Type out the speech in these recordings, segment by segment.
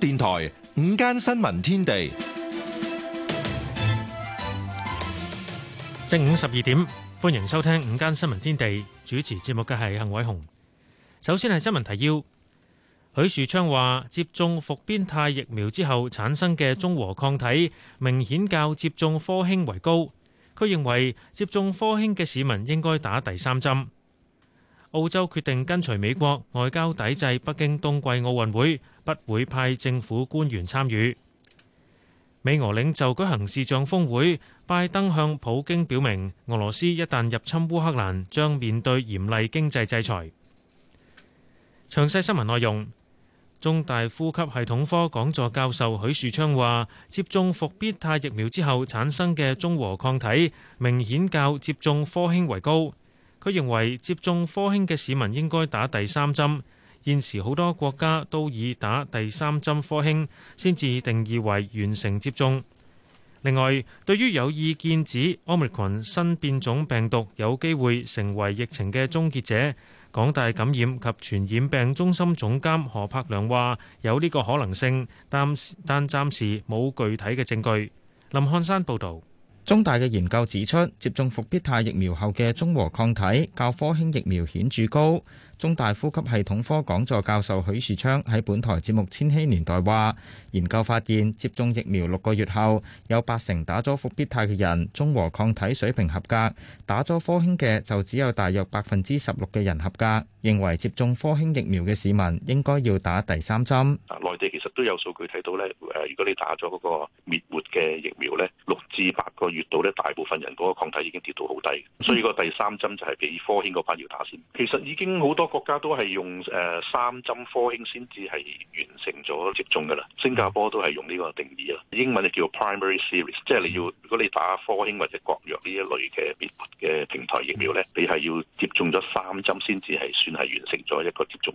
電台，午間新聞天地，正午十二點，歡迎收聽午間新聞天地。主持節目嘅係幸偉雄。首先係新聞提要。許樹昌話，接種復必泰疫苗之後產生嘅中和抗體，明顯較接種科興為高。佢認為接種科興嘅市民應該打第三針。澳洲決定跟隨美國外交抵制北京冬季奧運會，不會派政府官員參與。美俄領袖舉行視像峰會，拜登向普京表明，俄羅斯一旦入侵烏克蘭，將面對嚴厲經濟制裁。詳細新聞內容，中大呼吸系統科講座教授許樹昌話，接種復必泰疫苗之後產生嘅中和抗體，明顯較接種科興為高。佢認為接種科興嘅市民應該打第三針，現時好多國家都以打第三針科興先至定義為完成接種。另外，對於有意見指 Omicron 新變種病毒有機會成為疫情嘅終結者，港大感染及傳染病中心總監何柏良話：有呢個可能性，但但暫時冇具體嘅證據。林漢山報導。中大嘅研究指出，接種復必泰疫苗後嘅中和抗體較科興疫苗顯著高。中大呼吸系統科講座教授許樹昌喺本台節目《千禧年代》話：研究發現，接種疫苗六個月後，有八成打咗復必泰嘅人中和抗體水平合格，打咗科興嘅就只有大約百分之十六嘅人合格。認為接種科興疫苗嘅市民應該要打第三針。內地其實都有數據睇到咧，誒，如果你打咗嗰個滅活嘅疫苗咧，六至八個月度咧，大部分人嗰個抗體已經跌到好低，所以個第三針就係比科興嗰班要打先。其實已經好多。國家都係用誒，三針科興先至係完成咗接種噶啦，新加坡都係用呢個定義啊，英文就叫 primary series，即係你要，如果你打科興或者國藥呢一類嘅別嘅平台疫苗咧，你係要接種咗三針先至係算係完成咗一個接種。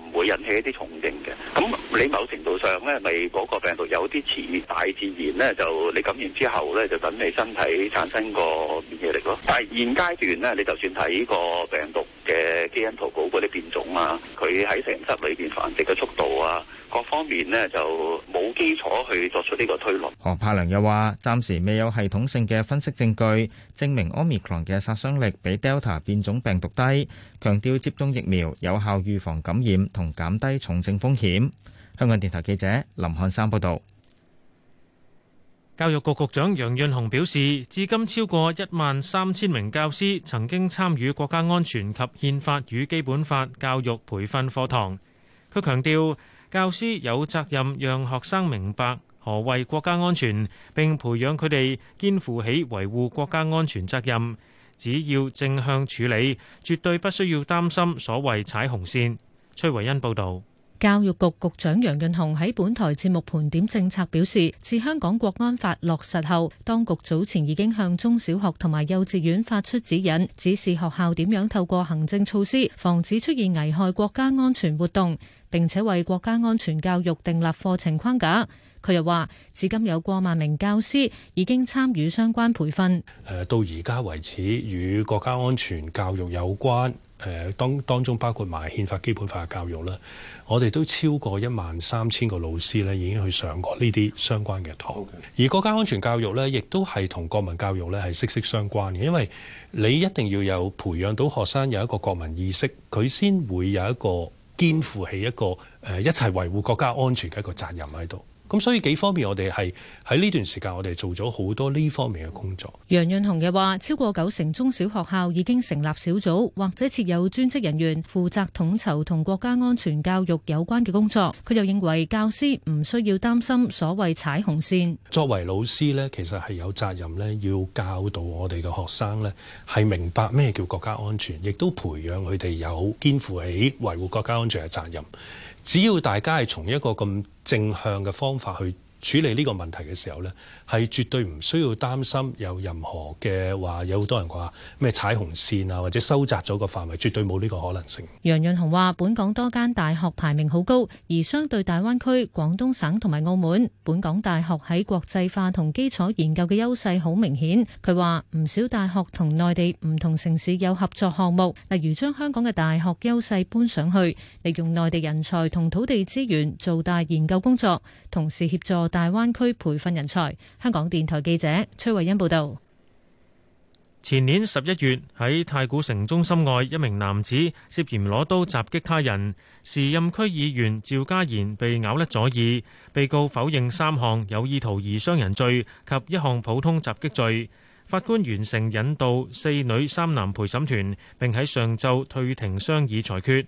會引起一啲重症嘅，咁你某程度上咧，咪、那、嗰個病毒有啲似大自然咧，就你感染之後咧，就等你身體產生個免疫力咯。但係現階段咧，你就算睇個病毒嘅基因圖譜嗰啲變種啊，佢喺成室裏邊繁殖嘅速度啊，各方面呢就冇基礎去作出呢個推論。何柏良又話：暫時未有系統性嘅分析證據證明 Omicron 嘅殺傷力比 Delta 變種病毒低，強調接種疫苗有效預防感染。減低重症風險。香港電台記者林漢山報道。教育局局長楊潤雄表示，至今超過一萬三千名教師曾經參與國家安全及憲法與基本法教育培訓課堂。佢強調，教師有責任讓學生明白何為國家安全，並培養佢哋肩負起維護國家安全責任。只要正向處理，絕對不需要擔心所謂踩紅線。崔維恩報道，教育局局長楊潤雄喺本台節目盤點政策，表示自香港國安法落實後，當局早前已經向中小學同埋幼稚園發出指引，指示學校點樣透過行政措施防止出現危害國家安全活動，並且為國家安全教育訂立課程框架。佢又話，至今有過萬名教師已經參與相關培訓。誒，到而家為止，與國家安全教育有關。誒當當中包括埋憲法基本法嘅教育啦，我哋都超過一萬三千個老師咧已經去上過呢啲相關嘅堂。而國家安全教育咧，亦都係同國民教育咧係息息相關嘅，因為你一定要有培養到學生有一個國民意識，佢先會有一個肩負起一個誒一齊維護國家安全嘅一個責任喺度。咁所以幾方面，我哋係喺呢段時間，我哋做咗好多呢方面嘅工作。楊潤雄又話，超過九成中小學校已經成立小組或者設有專職人員負責統籌同國家安全教育有關嘅工作。佢又認為教師唔需要擔心所謂踩紅線。作為老師咧，其實，係有責任咧，要教導我哋嘅學生咧，係明白咩叫國家安全，亦都培養佢哋有肩負起維護國家安全嘅責任。只要大家係從一個咁正向嘅方法去。處理呢個問題嘅時候呢係絕對唔需要擔心有任何嘅話，有好多人話咩踩紅線啊，或者收窄咗個範圍，絕對冇呢個可能性。楊潤雄話：本港多間大學排名好高，而相對大灣區、廣東省同埋澳門，本港大學喺國際化同基礎研究嘅優勢好明顯。佢話唔少大學同內地唔同城市有合作項目，例如將香港嘅大學優勢搬上去，利用內地人才同土地資源做大研究工作。同時協助大灣區培訓人才。香港電台記者崔慧欣報道，前年十一月喺太古城中心外，一名男子涉嫌攞刀襲擊他人，時任區議員趙家賢被咬甩左耳。被告否認三項有意圖而傷人罪及一項普通襲擊罪。法官完成引導四女三男陪審團，並喺上晝退庭商議裁決。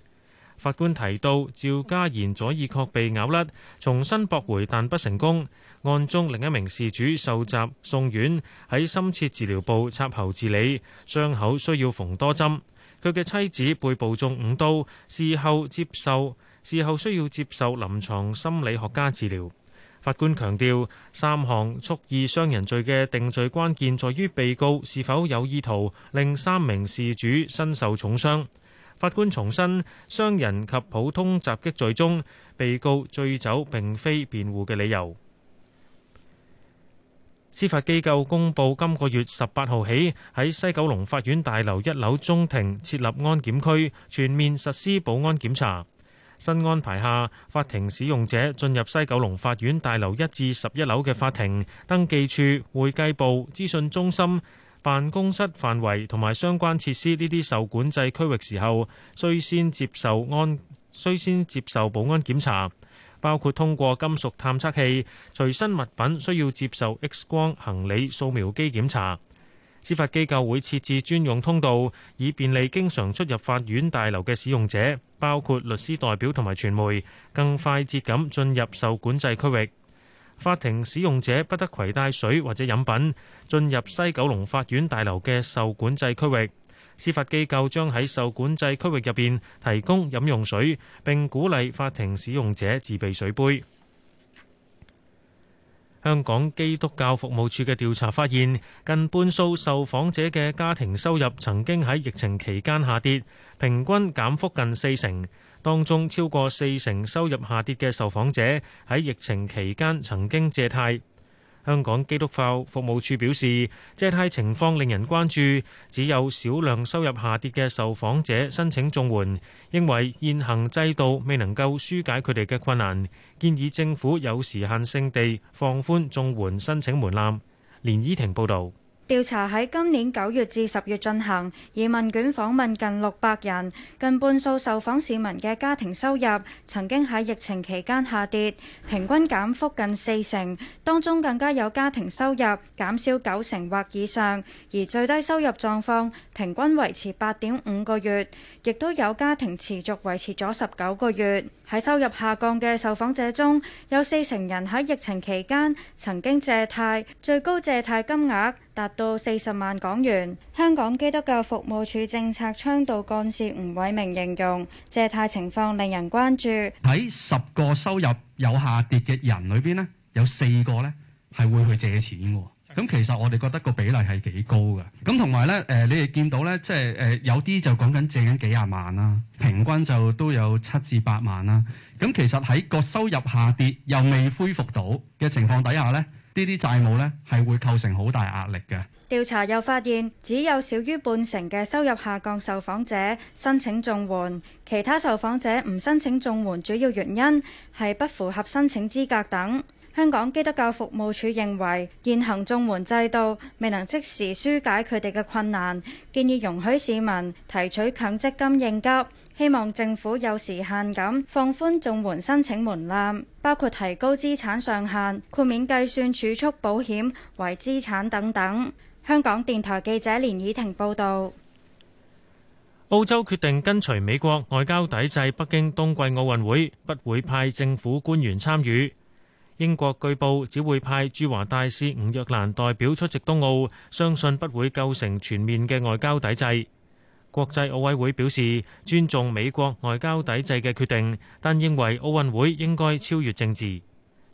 法官提到，趙家賢左耳確被咬甩，重新駁回但不成功。案中另一名事主受襲送院，喺深切治療部插喉治理，傷口需要縫多針。佢嘅妻子背部中五刀，事後接受事後需要接受臨床心理學家治療。法官強調，三項蓄意傷人罪嘅定罪關鍵在於被告是否有意圖令三名事主身受重傷。法官重申，傷人及普通襲擊罪中，被告醉酒並非辯護嘅理由。司法機構公布，今個月十八號起，喺西九龍法院大樓一樓中庭設立安檢區，全面實施保安檢查。新安排下，法庭使用者進入西九龍法院大樓一至十一樓嘅法庭、登記處、會計部、資訊中心。辦公室範圍同埋相關設施呢啲受管制區域時候，需先接受安需先接受保安檢查，包括通過金屬探測器，隨身物品需要接受 X 光行李掃描機檢查。司法機構會設置專用通道，以便利經常出入法院大樓嘅使用者，包括律師代表同埋傳媒，更快捷咁進入受管制區域。法庭使用者不得攜帶水或者飲品進入西九龍法院大樓嘅受管制區域。司法機構將喺受管制區域入邊提供飲用水，並鼓勵法庭使用者自備水杯。香港基督教服務處嘅調查發現，近半數受訪者嘅家庭收入曾經喺疫情期間下跌，平均減幅近四成。當中超過四成收入下跌嘅受訪者喺疫情期間曾經借貸。香港基督教服務處表示，借貸情況令人關注，只有少量收入下跌嘅受訪者申請綜援。認為現行制度未能夠紓解佢哋嘅困難，建議政府有時限性地放寬綜援申請門檻。連依婷報道。調查喺今年九月至十月進行，而問卷訪問近六百人，近半數受訪市民嘅家庭收入曾經喺疫情期間下跌，平均減幅近四成，當中更加有家庭收入減少九成或以上，而最低收入狀況平均維持八點五個月，亦都有家庭持續維持咗十九個月。喺收入下降嘅受訪者中，有四成人喺疫情期間曾經借貸，最高借貸金額達到四十萬港元。香港基督教服務處政策倡導幹事吳偉明形容，借貸情況令人關注。喺十個收入有下跌嘅人裏邊咧，有四個咧係會去借錢嘅。咁其實我哋覺得個比例係幾高嘅，咁同埋咧，誒、呃、你哋見到咧，即係誒、呃、有啲就講緊借緊幾廿萬啦，平均就都有七至八萬啦。咁、啊、其實喺個收入下跌又未恢復到嘅情況底下咧，呢啲債務咧係會構成好大壓力嘅。調查又發現，只有少於半成嘅收入下降受訪者申請綜援，其他受訪者唔申請綜援，主要原因係不符合申請資格等。香港基督教服務處認為現行綜援制度未能即時疏解佢哋嘅困難，建議容許市民提取強積金應急，希望政府有時限咁放寬綜援申請門檻，包括提高資產上限、豁免計算儲蓄保險為資產等等。香港電台記者連以婷報導。澳洲決定跟隨美國外交抵制北京冬季奧，奧運會，不會派政府官員參與。英國據報只會派駐華大使吳若蘭代表出席冬奧，相信不會構成全面嘅外交抵制。國際奧委會表示尊重美國外交抵制嘅決定，但認為奧運會應該超越政治。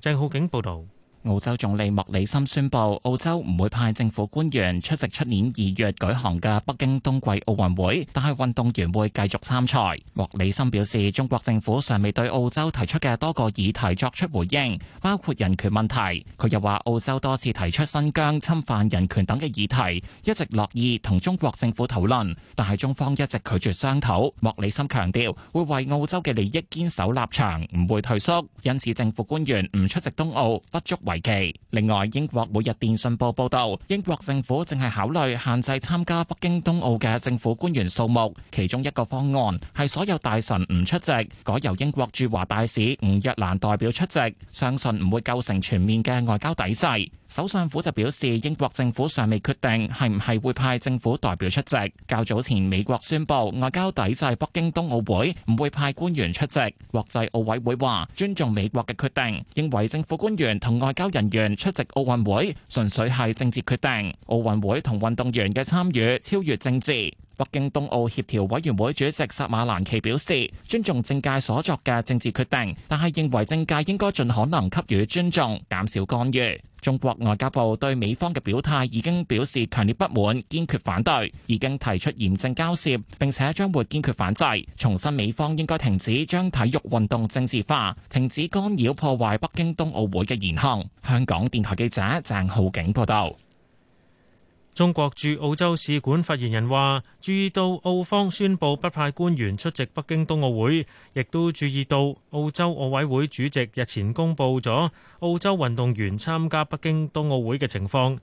鄭浩景報導。澳洲總理莫里森宣布，澳洲唔會派政府官員出席出年二月舉行嘅北京冬季奧運會，但係運動員會繼續參賽。莫里森表示，中國政府尚未對澳洲提出嘅多個議題作出回應，包括人權問題。佢又話，澳洲多次提出新疆侵犯人權等嘅議題，一直樂意同中國政府討論，但係中方一直拒絕商討。莫里森強調，會為澳洲嘅利益堅守立場，唔會退縮。因此，政府官員唔出席冬奧不足，為期。另外，英國每日電訊報報道，英國政府正係考慮限制參加北京冬奧嘅政府官員數目。其中一個方案係所有大臣唔出席，改由英國駐華大使吳若蘭代表出席。相信唔會構成全面嘅外交抵制。首相府就表示，英國政府尚未決定係唔係會派政府代表出席。較早前，美國宣布外交抵制北京冬奧會，唔會派官員出席。國際奧委會話尊重美國嘅決定，認為政府官員同外交人員出席奧運會純粹係政治決定。奧運會同運動員嘅參與超越政治。北京冬奧協調委員會主席薩馬蘭奇表示，尊重政界所作嘅政治決定，但係認為政界應該盡可能給予尊重，減少干預。中國外交部對美方嘅表態已經表示強烈不滿，堅決反對，已經提出嚴正交涉，並且將會堅決反制。重申美方應該停止將體育運動政治化，停止干擾破壞北京冬奧會嘅言行。香港電台記者鄭浩景報道。中國駐澳洲使館發言人話：注意到澳方宣布不派官員出席北京冬奧會，亦都注意到澳洲奧委會主席日前公布咗澳洲運動員參加北京冬奧會嘅情況。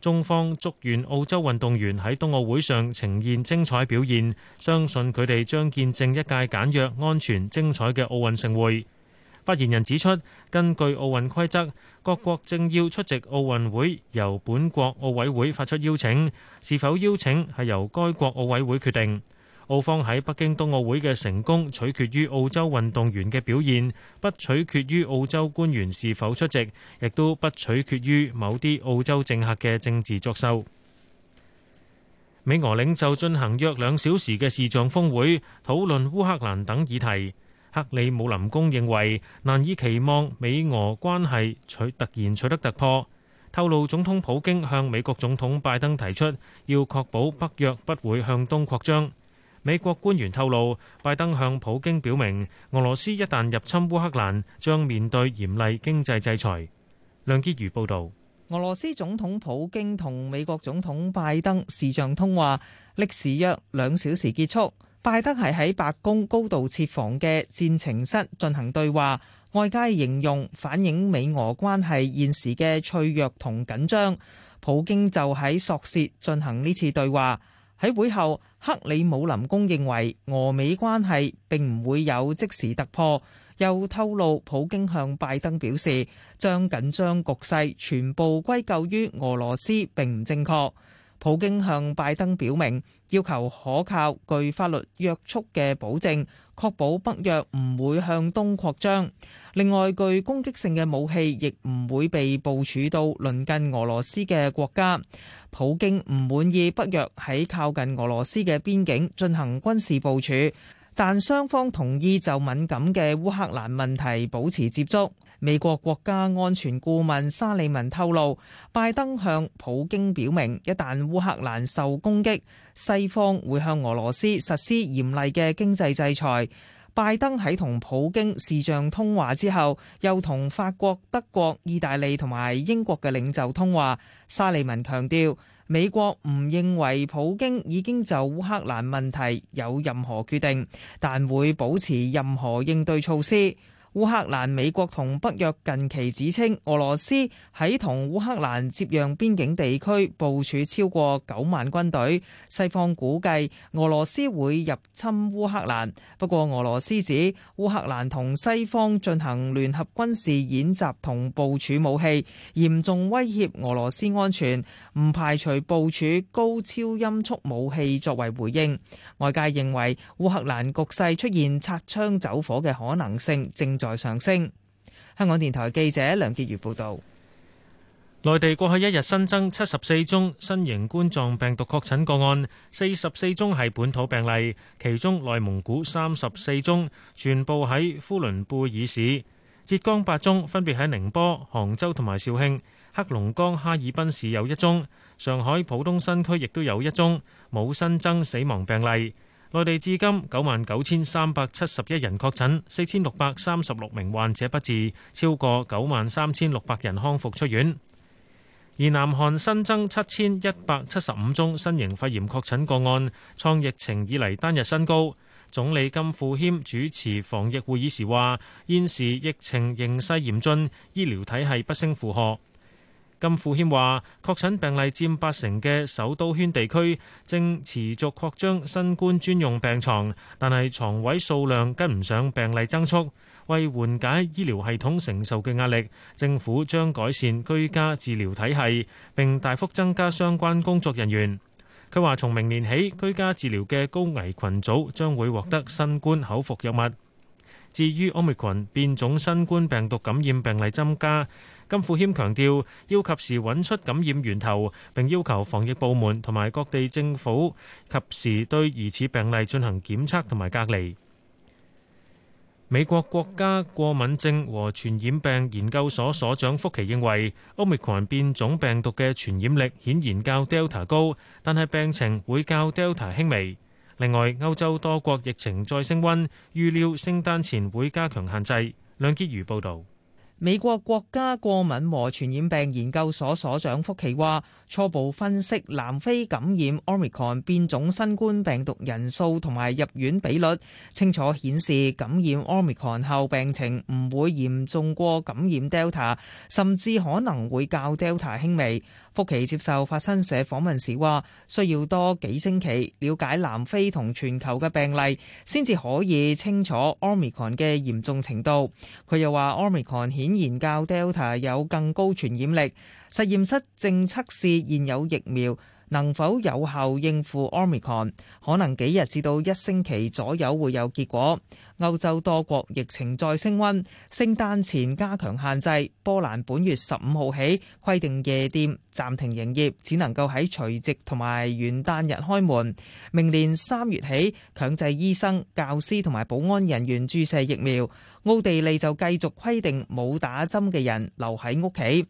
中方祝願澳洲運動員喺冬奧會上呈現精彩表現，相信佢哋將見證一屆簡約、安全、精彩嘅奧運盛會。發言人指出，根據奧運規則，各國政要出席奧運會由本國奧委會發出邀請，是否邀請係由該國奧委會決定。澳方喺北京冬奧會嘅成功取決於澳洲運動員嘅表現，不取決於澳洲官員是否出席，亦都不取決於某啲澳洲政客嘅政治作秀。美俄領袖進行約兩小時嘅視像峰會，討論烏克蘭等議題。克里姆林宮認為難以期望美俄關係取突然取得突破，透露總統普京向美國總統拜登提出要確保北約不會向東擴張。美國官員透露，拜登向普京表明俄羅斯一旦入侵烏克蘭將面對嚴厲經濟制裁。梁潔如報道：俄羅斯總統普京同美國總統拜登視像通話歷時約兩小時結束。拜登係喺白宮高度設防嘅戰情室進行對話，外界形容反映美俄關係現時嘅脆弱同緊張，普京就喺索契進行呢次對話，喺會後克里姆林宮認為俄美關係並唔會有即時突破，又透露普京向拜登表示，將緊張局勢全部歸咎於俄羅斯並唔正確。普京向拜登表明，要求可靠、具法律約束嘅保證，確保北約唔會向東擴張，另外，具攻擊性嘅武器亦唔會被部署到鄰近俄羅斯嘅國家。普京唔滿意北約喺靠近俄羅斯嘅邊境進行軍事部署，但雙方同意就敏感嘅烏克蘭問題保持接觸。美國國家安全顧問沙利文透露，拜登向普京表明，一旦烏克蘭受攻擊，西方會向俄羅斯實施嚴厲嘅經濟制裁。拜登喺同普京視像通話之後，又同法國、德國、意大利同埋英國嘅領袖通話。沙利文強調，美國唔認為普京已經就烏克蘭問題有任何決定，但會保持任何應對措施。烏克蘭、美國同北約近期指稱，俄羅斯喺同烏克蘭接壤邊境地區部署超過九萬軍隊。西方估計俄羅斯會入侵烏克蘭，不過俄羅斯指烏克蘭同西方進行聯合軍事演習同部署武器，嚴重威脅俄羅斯安全，唔排除部署高超音速武器作為回應。外界認為烏克蘭局勢出現擦槍走火嘅可能性正再上升。香港電台記者梁潔如報道，內地過去一日新增七十四宗新型冠狀病毒確診個案，四十四宗係本土病例，其中內蒙古三十四宗，全部喺呼倫貝爾市；浙江八宗分別喺寧波、杭州同埋紹興，黑龍江哈爾濱市有一宗，上海浦東新區亦都有一宗，冇新增死亡病例。內地至今九萬九千三百七十一人確診，四千六百三十六名患者不治，超過九萬三千六百人康復出院。而南韓新增七千一百七十五宗新型肺炎確診個案，創疫情以嚟單日新高。總理金富謙主持防疫會議時話：現時疫情形勢嚴峻，醫療體系不勝負荷。金富謙話：確診病例佔八成嘅首都圈地區正持續擴張新冠專用病床，但係床位數量跟唔上病例增速。為緩解醫療系統承受嘅壓力，政府將改善居家治療體系並大幅增加相關工作人員。佢話：從明年起，居家治療嘅高危群組將會獲得新冠口服藥物。至於奧密克戎變種新冠病毒感染病例增加。金富謙強調，要及時揾出感染源頭，並要求防疫部門同埋各地政府，及時對疑似病例進行檢測同埋隔離。美國國家過敏症和傳染病研究所所長福奇認為，Omicron 變種病毒嘅傳染力顯然較 Delta 高，但係病情會較 Delta 輕微。另外，歐洲多國疫情再升溫，預料聖誕前會加強限制。梁傑如報導。美國國家過敏和傳染病研究所所長福奇話。初步分析南非感染 Omicron 變種新冠病毒人數同埋入院比率，清楚顯示感染 Omicron 後病情唔會嚴重過感染 Delta，甚至可能會較 Delta 輕微。福奇接受法新社訪問時話需要多幾星期了解南非同全球嘅病例，先至可以清楚 Omicron 嘅嚴重程度。佢又話 Omicron 顯然較 Delta 有更高傳染力。實驗室正測試現有疫苗能否有效應付 o m i c 奧密 n，可能幾日至到一星期左右會有結果。歐洲多國疫情再升溫，聖誕前加強限制。波蘭本月十五號起規定夜店暫停營業，只能夠喺除夕同埋元旦日開門。明年三月起強制醫生、教師同埋保安人員注射疫苗。奧地利就繼續規定冇打針嘅人留喺屋企。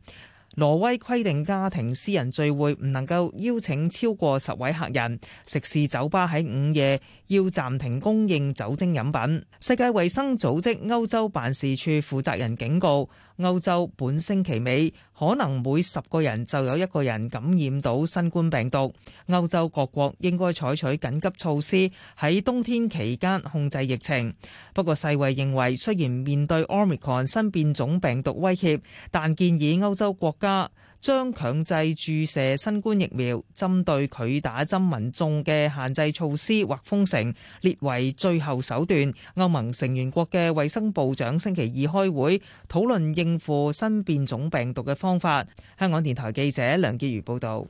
挪威規定家庭私人聚會唔能夠邀請超過十位客人，食肆酒吧喺午夜要暫停供應酒精飲品。世界衛生組織歐洲辦事處負責人警告。歐洲本星期尾可能每十個人就有一個人感染到新冠病毒。歐洲各國應該採取緊急措施，喺冬天期間控制疫情。不過世衛認為，雖然面對 Omicron 新變種病毒威脅，但建議歐洲國家。將強制注射新冠疫苗、針對拒打針民眾嘅限制措施或封城列為最後手段。歐盟成員國嘅衛生部長星期二開會討論應付新變種病毒嘅方法。香港電台記者梁潔如報導。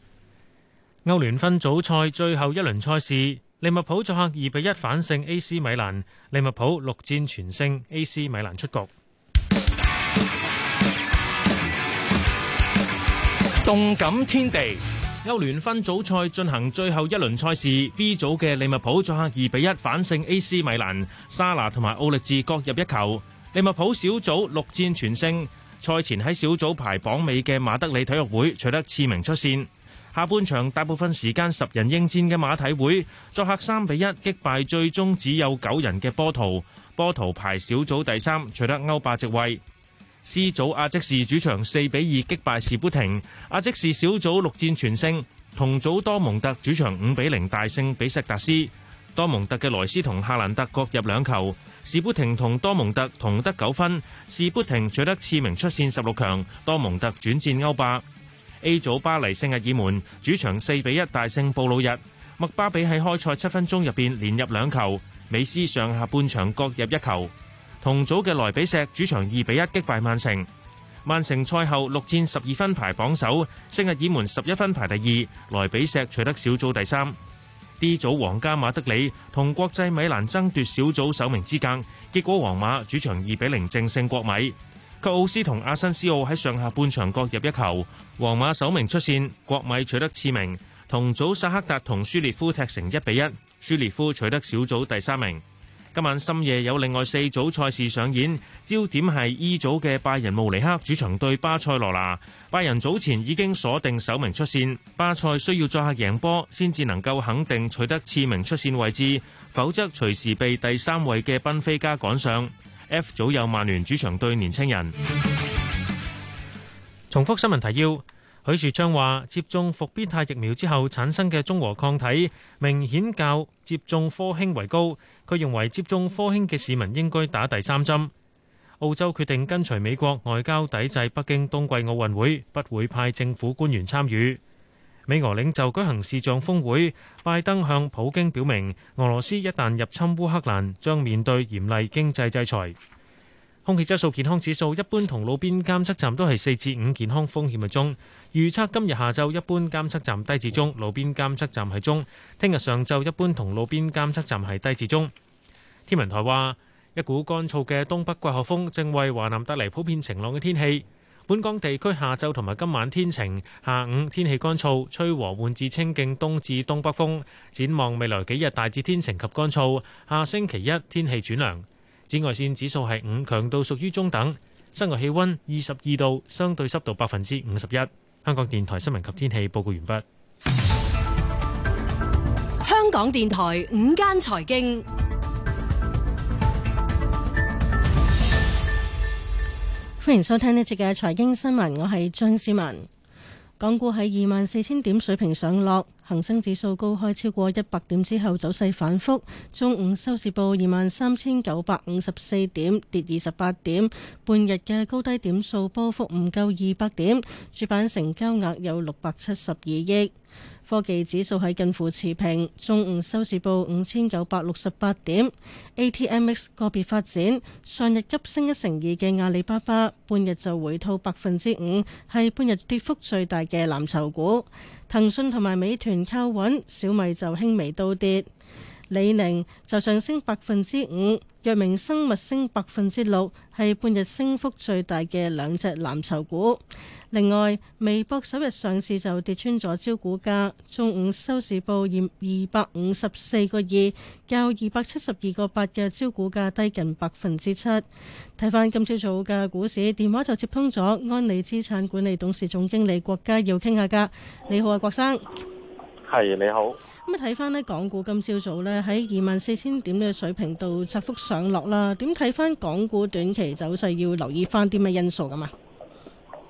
歐聯分組賽最後一輪賽事，利物浦作客二比一反勝 AC 米蘭，利物浦六戰全勝，AC 米蘭出局。動感天地歐聯分組賽進行最後一輪賽事，B 組嘅利物浦作客二比一反勝 AC 米蘭，沙拿同埋奧力智各入一球。利物浦小組六戰全勝，賽前喺小組排榜尾嘅馬德里體育會取得次名出線。下半場大部分時間十人應戰嘅馬體會作客三比一擊敗最終只有九人嘅波圖，波圖排小組第三取得歐霸席席位。C 組阿積士主場4比2擊敗士砵亭，阿積士小組六戰全勝，同組多蒙特主場5比0大勝比錫達斯，多蒙特嘅萊斯同哈蘭特各入兩球，士砵亭同多蒙特同得九分，士砵亭取得次名出線十六強，多蒙特轉戰歐霸。A 組巴黎聖日耳門主場4比1大勝布魯日，麥巴比喺開賽七分鐘入面連入兩球，美斯上下半場各入一球。同組嘅萊比錫主場二比一擊敗曼城，曼城賽後六戰十二分排榜首，聖日耳門十一分排第二，萊比錫取得小組第三。D 組皇家馬德里同國際米蘭爭奪小組首名之間，結果皇馬主場二比零正勝國米，克奧斯同阿申斯奧喺上下半場各入一球，皇馬首名出線，國米取得次名。同組薩克達同舒列夫踢成一比一，舒列夫取得小組第三名。今晚深夜有另外四組賽事上演，焦點係 E 組嘅拜仁慕尼黑主場對巴塞羅那。拜仁早前已經鎖定首名出線，巴塞需要作客贏波，先至能夠肯定取得次名出線位置，否則隨時被第三位嘅賓菲加趕上。F 組有曼聯主場對年青人。重複新聞提要。許樹昌話：接種復必泰疫苗之後產生嘅中和抗體明顯較接種科興為高。佢認為接種科興嘅市民應該打第三針。澳洲決定跟隨美國外交抵制北京冬季奧運會，不會派政府官員參與。美俄領袖舉行視像峰會，拜登向普京表明，俄羅斯一旦入侵烏克蘭，將面對嚴厲經濟制裁。空氣質素健康指數一般，同路邊監測站都係四至五健康風險嘅中。預測今日下晝一般監測站低至中，路邊監測站係中。聽日上晝一般同路邊監測站係低至中。天文台話，一股乾燥嘅東北季候風正為華南帶來普遍晴朗嘅天氣。本港地區下晝同埋今晚天晴，下午天氣乾燥，吹和緩至清勁東至東北風。展望未來幾日大致天晴及乾燥，下星期一天氣轉涼。紫外線指數係五，強度屬於中等。室外氣溫二十二度，相對濕度百分之五十一。香港電台新聞及天氣報告完畢。香港電台午間財經， 歡迎收聽呢節嘅財經新聞，我係張思文。港股喺二萬四千點水平上落。恆生指數高開超過一百點之後，走勢反覆。中午收市報二萬三千九百五十四點，跌二十八點。半日嘅高低點數波幅唔夠二百點。主板成交額有六百七十二億。科技指數喺近乎持平。中午收市報五千九百六十八點。ATMX 個別發展，上日急升一成二嘅阿里巴巴，半日就回吐百分之五，係半日跌幅最大嘅藍籌股。騰訊同埋美團靠穩，小米就輕微倒跌。李寧就上升百分之五，藥明生物升百分之六，係半日升幅最大嘅兩隻藍籌股。另外，微博首日上市就跌穿咗招股價，中午收市報二二百五十四個二，較二百七十二個八嘅招股價低近百分之七。睇返今朝早嘅股市，電話就接通咗安利資產管理董事總經理郭家耀要傾下偈。你好啊，郭生。係你好。咁睇翻呢港股今朝早咧喺二萬四千點嘅水平度窄幅上落啦。點睇翻港股短期走勢，要留意翻啲咩因素噶嘛？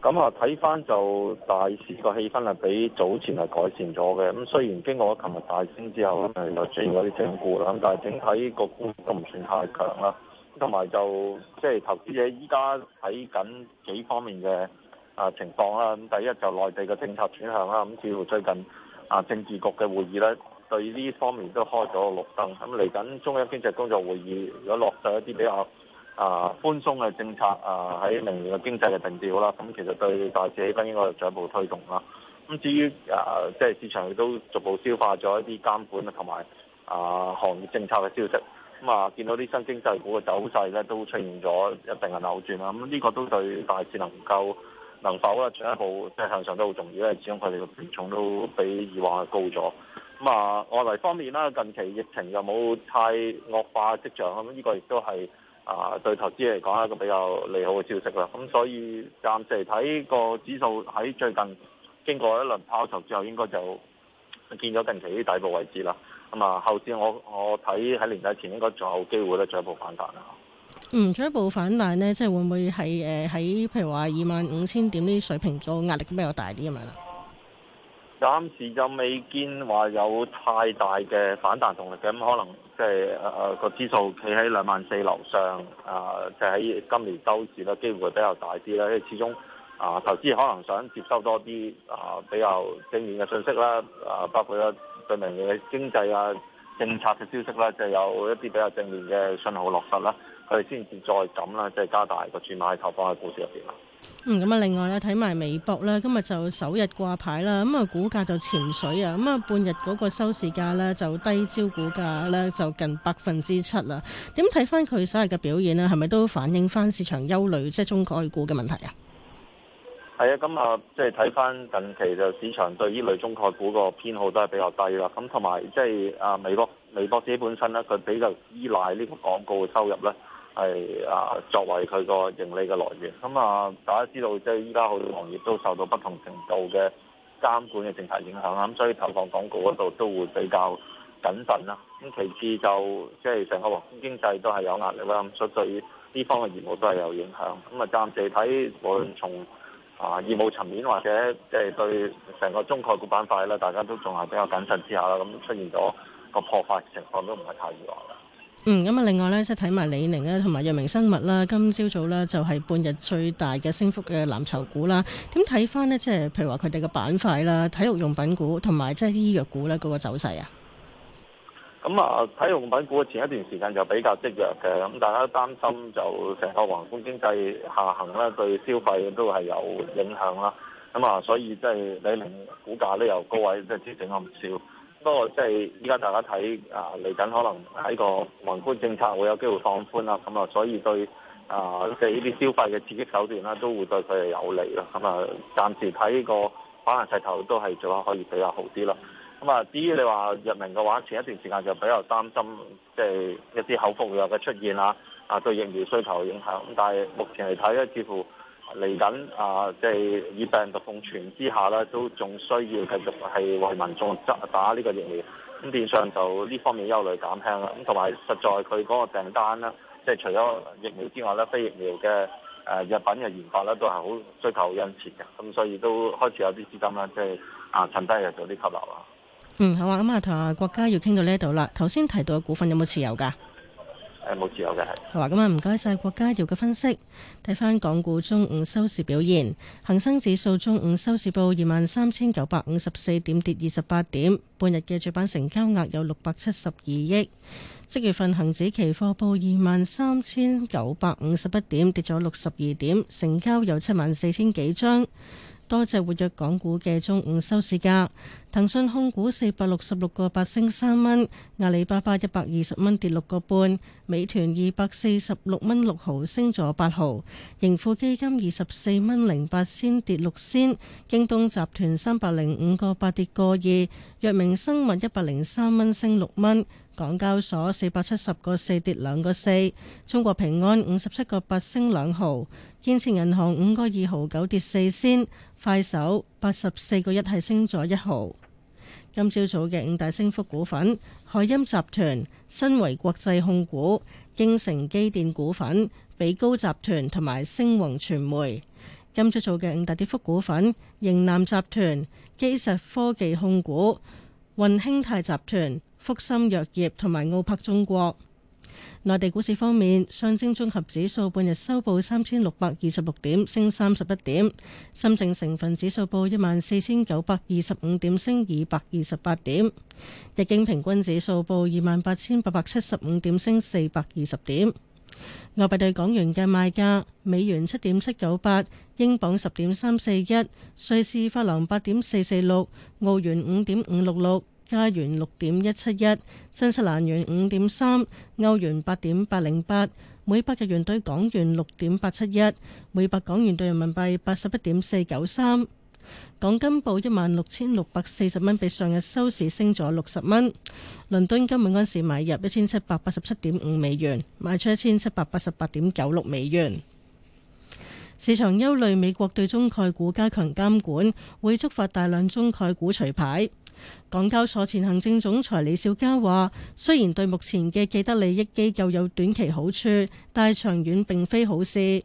咁啊，睇翻就大市個氣氛係比早前係改善咗嘅。咁雖然經過琴日大升之後，咁啊出現嗰啲整固啦，咁但係整體個股都唔算太強啦。同埋就即係投資者依家睇緊幾方面嘅啊情況啦。咁第一就內地嘅政策轉向啦。咁似乎最近啊政治局嘅會議咧。對呢方面都開咗綠燈，咁嚟緊中央經濟工作會議如果落實一啲比較啊、呃、寬鬆嘅政策，呃、啊，喺明年嘅經濟嘅定調啦，咁其實對大市氣氛應該有進一步推動啦。咁、啊、至於啊，即係市場亦都逐步消化咗一啲監管同埋啊行業政策嘅消息，咁啊見到啲新經濟股嘅走勢咧，都出現咗一定嘅扭轉啦。咁、啊、呢、這個都對大市能夠能否啊進一步即係、就是、向上都好重要，因為始終佢哋嘅比重都比以往高咗。咁啊、嗯，外圍方面啦，近期疫情又冇太惡化跡象，咁、這、呢個亦都係啊對投資嚟講一個比較利好嘅消息啦。咁、嗯、所以暫時嚟睇、這個指數喺最近經過一輪拋售之後，應該就見咗近期啲底部位置啦。咁啊，後市我我睇喺年尾前應該仲有機會咧，進一步反彈啦。嗯，進一步反彈咧、嗯，即係會唔會係誒喺譬如話二萬五千點呢啲水平個壓力比較大啲咁樣咧？暫時就未見話有太大嘅反彈動力嘅，咁可能即係誒個指數企喺兩萬四樓上，啊、呃，即係喺今年週市啦，機會比較大啲咧，因為始終啊、呃，投資可能想接收多啲啊、呃、比較正面嘅信息啦，啊、呃，包括咗對明年嘅經濟啊政策嘅消息啦、呃，就是、有一啲比較正面嘅信號落實啦，佢哋先至再敢啦，即、呃、係加大個轉買投放喺股市入邊啦。嗯，咁啊，另外咧，睇埋微博咧，今日就首日掛牌啦，咁啊，股價就潛水啊，咁啊，半日嗰個收市價咧就低招股價咧就近百分之七啦。點睇翻佢首日嘅表現呢？係咪都反映翻市場憂慮，即係中概股嘅問題啊？係啊，咁啊，即係睇翻近期就市場對呢類中概股個偏好都係比較低啦。咁同埋即係啊，微博，微博自己本身咧，佢比較依賴呢個廣告嘅收入咧。係啊，作為佢個盈利嘅來源。咁啊，大家知道即係依家好多行業都受到不同程度嘅監管嘅政策影響啦，咁、啊、所以投放廣告嗰度都會比較謹慎啦。咁、啊、其次就即係成個黃金經濟都係有壓力啦，咁、啊、所以對於呢方嘅業務都係有影響。咁啊，暫時睇，無論從啊業務層面或者即係對成個中概股板塊咧，大家都仲係比較謹慎之下啦，咁、啊、出現咗個破發情況都唔係太意外。嗯，咁啊，另外咧，即係睇埋李寧咧，同埋藥明生物啦，今朝早咧就係半日最大嘅升幅嘅藍籌股啦。點睇翻咧，即係譬如話佢哋嘅板塊啦，體育用品股同埋即係醫藥股咧，嗰個走勢啊？咁啊，體育用品股前一段時間就比較積弱嘅，咁大家擔心就成個宏觀經濟下行啦，對消費都係有影響啦。咁、嗯、啊，所以即係李寧股價咧又高位，即係調整咗唔少。不過，即係依家大家睇啊，嚟緊可能喺個宏觀政策會有機會放寬啦，咁啊，所以對啊，即係呢啲消費嘅刺激手段啦、啊，都會對佢哋有利啦。咁啊，暫時睇呢個反彈勢頭都係做下，可以比較好啲啦。咁啊，至於你話日明嘅話，前一段時間就比較擔心即係、就是、一啲口服藥嘅出現啊，啊對疫苗需求嘅影響。咁但係目前嚟睇咧，似乎嚟緊啊！即係、就是、以病毒共存之下咧，都仲需要繼續係為民眾打呢個疫苗。咁變相就呢方面憂慮減輕啦。咁同埋實在佢嗰個訂單啦，即、就、係、是、除咗疫苗之外咧，非疫苗嘅誒藥品嘅研發咧，都係好追求殷切嘅。咁所以都開始有啲資金啦，即係啊，趁低啊，做啲吸納啊。嗯，好啊。咁啊，同阿國家要傾到呢度啦。頭先提到股份有冇持有㗎？係冇自由嘅係。好啊，今日唔該晒郭家耀嘅分析。睇翻港股中午收市表現，恒生指數中午收市報二萬三千九百五十四點，跌二十八點。半日嘅主板成交額有六百七十二億。即月份恒指期貨報二萬三千九百五十一點，跌咗六十二點，成交有七萬四千幾張。多隻活躍港股嘅中午收市價，騰訊控股四百六十六個八升三蚊，阿里巴巴一百二十蚊跌六個半，美團二百四十六蚊六毫升咗八毫，盈富基金二十四蚊零八仙跌六仙，京東集團三百零五個八跌個二，藥明生物一百零三蚊升六蚊，港交所四百七十個四跌兩個四，中國平安五十七個八升兩毫。建設銀行五個二毫九跌四仙，快手八十四個一係升咗一毫。今朝早嘅五大升幅股份：海音集團、新維國際控股、京城機電股份、比高集團同埋星宏傳媒。今朝早嘅五大跌幅股份：盈南集團、基石科技控股、運興泰集團、福森藥業同埋奧柏中國。內地股市方面，上證綜合指數半日收報三千六百二十六點，升三十一點；深證成分指數報一萬四千九百二十五點，升二百二十八點；日經平均指數報二萬八千八百七十五點，升四百二十點。外幣對港元嘅賣價：美元七點七九八，英鎊十點三四一，瑞士法郎八點四四六，澳元五點五六六。加元六點一七一，1, 新西蘭元五點三，歐元八點八零八，每百日元兌港元六點八七一，每百港元兌人民幣八十一點四九三。港金報一萬六千六百四十蚊，比上日收市升咗六十蚊。倫敦金每安士買入一千七百八十七點五美元，賣出一千七百八十八點九六美元。市場憂慮美國對中概股加強監管，會觸發大量中概股除牌。港交所前行政總裁李小加話：雖然對目前嘅既得利益機構有短期好處，但係長遠並非好事。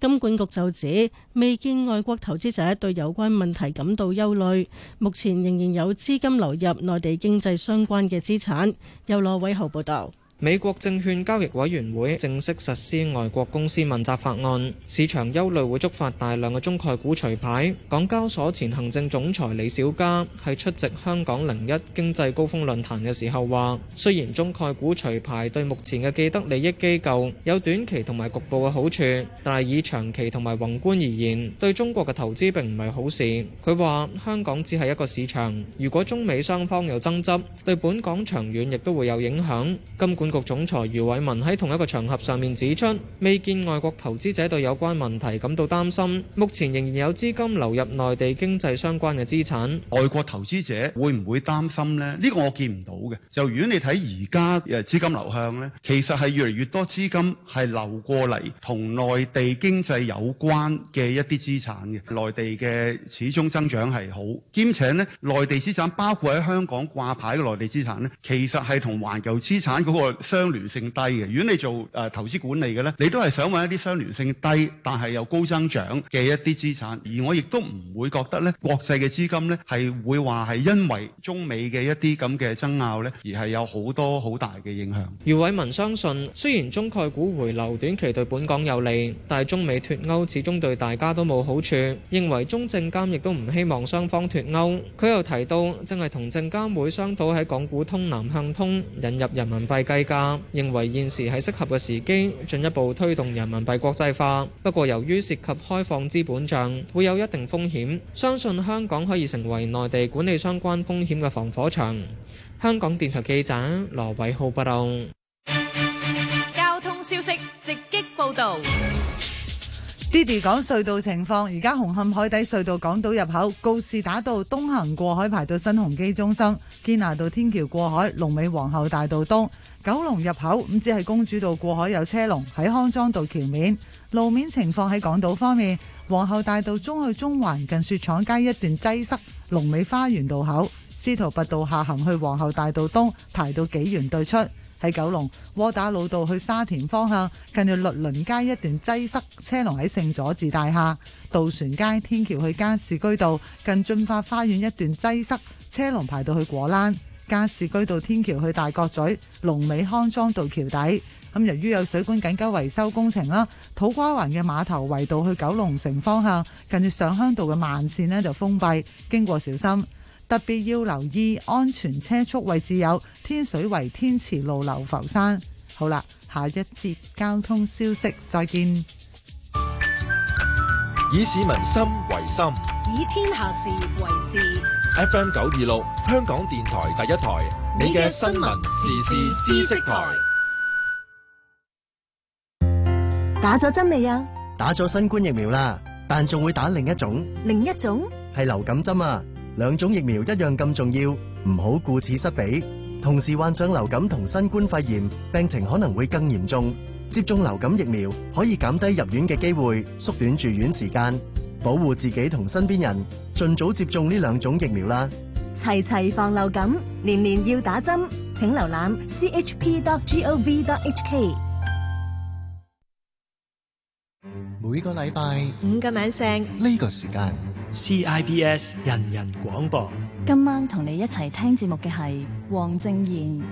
金管局就指，未見外國投資者對有關問題感到憂慮，目前仍然有資金流入內地經濟相關嘅資產。由羅偉豪報道。美國證券交易委員會正式實施外國公司問責法案，市場憂慮會觸發大量嘅中概股除牌。港交所前行政總裁李小加喺出席香港零一經濟高峰論壇嘅時候話，雖然中概股除牌對目前嘅既得利益機構有短期同埋局部嘅好處，但係以長期同埋宏觀而言，對中國嘅投資並唔係好事。佢話：香港只係一個市場，如果中美雙方有爭執，對本港長遠亦都會有影響。盡管管局總裁余偉文喺同一個場合上面指出，未見外國投資者對有關問題感到擔心。目前仍然有資金流入內地經濟相關嘅資產。外國投資者會唔會擔心咧？呢個我見唔到嘅。就如果你睇而家誒資金流向咧，其實係越嚟越多資金係流過嚟同內地經濟有關嘅一啲資產嘅。內地嘅始終增長係好，兼且咧內地資產包括喺香港掛牌嘅內地資產咧，其實係同環球資產嗰個。相聯性低嘅，如果你做誒、呃、投資管理嘅呢，你都係想揾一啲相聯性低，但係又高增長嘅一啲資產。而我亦都唔會覺得呢國際嘅資金呢，係會話係因為中美嘅一啲咁嘅爭拗呢，而係有好多好大嘅影響。余偉文相信，雖然中概股回流短期對本港有利，但係中美脱鈎始終對大家都冇好處。認為中證監亦都唔希望雙方脱鈎。佢又提到，正係同證監會商討喺港股通南向通引入人民幣計。家認為現時係適合嘅時機，進一步推動人民幣國際化。不過，由於涉及開放資本帳，會有一定風險。相信香港可以成為內地管理相關風險嘅防火牆。香港電台記者羅偉浩報道。交通消息直擊報道。Diddy 講隧道情況，而家紅磡海底隧道港島入口、告士打道東行過海排到新鴻基中心、堅拿道天橋過海、龍尾皇后大道東。九龍入口唔只係公主道過海有車龍，喺康莊道橋面路面情況。喺港島方面，皇后大道中去中環近雪廠街一段擠塞，龍尾花園道口；司徒拔道下行去皇后大道東排到紀元對出。喺九龍窩打老道去沙田方向近住律倫街一段擠塞，車龍喺聖佐治大廈、渡船街天橋去加士居道近駿發花園一段擠塞，車龍排到去果欄。加士居道天橋去大角咀、龍尾康莊道橋底，咁由於有水管緊急維修工程啦，土瓜灣嘅馬頭圍道去九龍城方向，近住上鄉道嘅慢線咧就封閉，經過小心，特別要留意安全車速位置有天水圍天慈路流浮山。好啦，下一節交通消息再見。以市民心為心，以天下事為事。FM 九二六，香港電台第一台，你嘅新聞時事知識台。打咗針未啊？打咗新冠疫苗啦，但仲會打另一種。另一種係流感針啊！兩種疫苗一樣咁重要，唔好顧此失彼。同時患上流感同新冠肺炎，病情可能會更嚴重。接種流感疫苗可以減低入院嘅機會，縮短住院時間，保護自己同身邊人。盡早接種呢兩種疫苗啦！齊齊防流感，年年要打針。請瀏覽 chp.gov.hk。每個禮拜五個晚上，呢個時間 CIBS，人人廣播。今晚同你一齊聽節目嘅係黃正賢。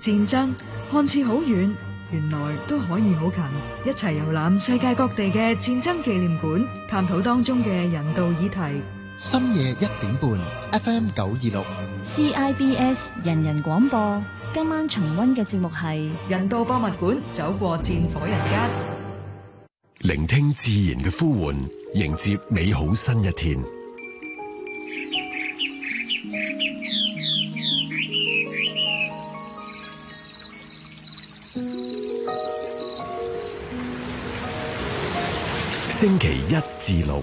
戰爭看似好遠，原來都可以好近。一齊遊覽世界各地嘅戰爭紀念館，探討當中嘅人道議題。深夜一點半，FM 九二六，CIBS 人人廣播。今晚重温嘅節目係《人道博物館》，走過戰火人間，聆聽自然嘅呼喚，迎接美好新一天。星期一至六。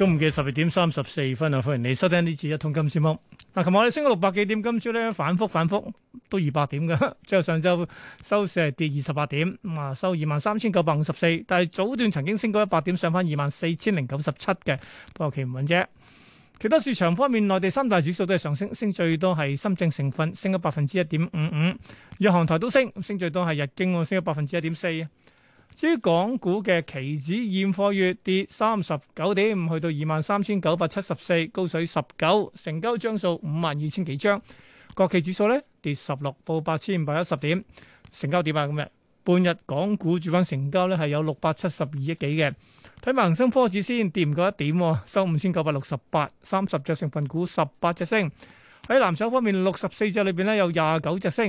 中午嘅十二點三十四分啊，歡迎你收聽呢次一通金絲貓。嗱，琴日我哋升咗六百幾點，今朝咧反覆反覆都二百點嘅。最後上晝收市係跌二十八點，咁啊收二萬三千九百五十四。但係早段曾經升高一百點，上翻二萬四千零九十七嘅，不過企唔穩啫。其他市場方面，內地三大指數都係上升，升最多係深證成分升咗百分之一點五五，日韓台都升，升最多係日經我升咗百分之一點四。至於港股嘅期指現貨月跌三十九點五，去到二萬三千九百七十四，高水十九，成交張數五萬二千幾張。國企指數咧跌十六，報八千五百一十點，成交點啊咁嘅。半日港股主板成交咧係有六百七十二億幾嘅。睇埋恒生科指先，跌唔夠一點啊，收五千九百六十八，三十隻成份股十八隻升，喺藍籌方面六十四隻裏邊咧有廿九隻升。